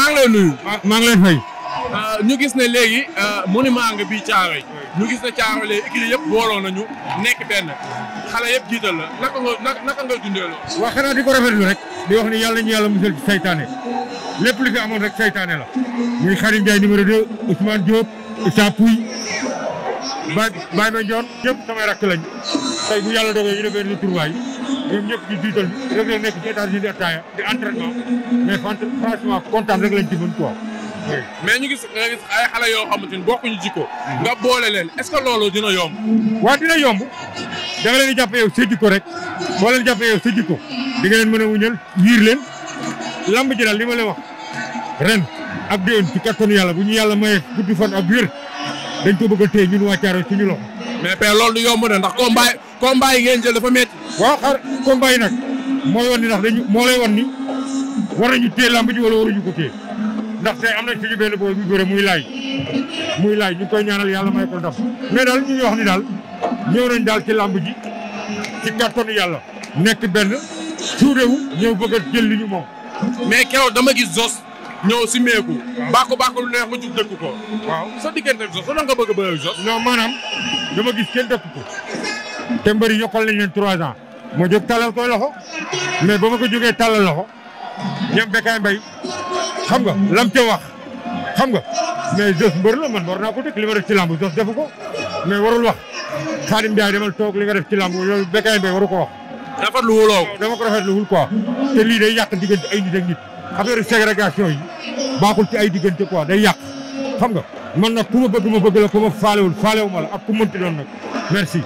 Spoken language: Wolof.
maa ngi ah, maa ngi lay fay. Ah, ñu gis ne léegi ah, monument nga bii caaro yi ñu gis ne caaro léegi écurie yëpp booloo nañu nekk benn xale yëpp jiital la naka nga naka nga dundee loolu. waaw xanaa di ko rafetlu rek di ni yàlla ñu yàlla musal ci saytaane lépp lu fi amoon rek saytaane la muy Xarim Ndiaye numéro 2 Ousmane Diop Issa Pouye Baye Baye Mandione ñëpp samay rakk lañ tey bu yàlla doge ñu defee ni turbaay ñoom ñëpp ñu jiital rek la nekk ci états di attaaya di entraînement mais franchement kontaan rek lañ ci mën quoi. mais ñu gis ay xale yoo xamante ni bokkuñu jikko. nga boole leen est-ce que loolu dina yomb. waaw dina yomb da nga leen di jàpp yow sa jikko rek boo leen jàppee yow sa jikko di nga leen mën a wuñal wiir leen lamb ji daal li ma wax ren ak déwén ci kattanu yàlla bu ñu yàlla maye guddi fan ak wér dañ ko bëgg a téye ñun waa Thiaroye suñu loxo. mais yomb ne ndax combat combat yi ngeen jël dafa métti. waaw xar combat yi nag mooy wan ni ndax dañu moo lay wan ni war nañu téye làmb ji wala waruñu ko téye ndax tey am na suñu benn booy bu bëre muy laaj muy laaj ñu koy ñaanal yàlla may ko ndam mais daal ñu ngi wax ni daal ñëw nañ daal ci làmb ji ci kàttanu yàlla nekk benn suurewu ñëw bëgg a jël ñu moom. mais keroog dama gis Zos. ñëw si meeku. waaw bàkku bàkku lu neex mu jug dëkk ko. waaw sa diggante Zos lan nga bëgg a bëre Zos. non maanaam dama gis kenn dëkk ko. te mbëri yokkal nañ leen trois ans ma jóg tàllal koy loxo mais ba ma ko jógee tàllal loxo ñoom Bécaye Mbaye xam nga lam ca wax xam nga mais Zoss mbër la man war naa ko dégg li ma def ci làmb Zoss defu ko mais warul wax Khadim Ndiaye demal toog li nga def ci làmb loolu Bécaye Mbaye waru ko wax. rafetlu wuloo dama ko rafetlu wul quoi te lii day yàq diggante ay nit ak nit affaire ségrégation yi baaxul ci ay diggante quoi day yàq xam nga man na ku ma bëgg ma bëgg la ku ma faalewul faalewu ma la ak ku mënti doon nag merci.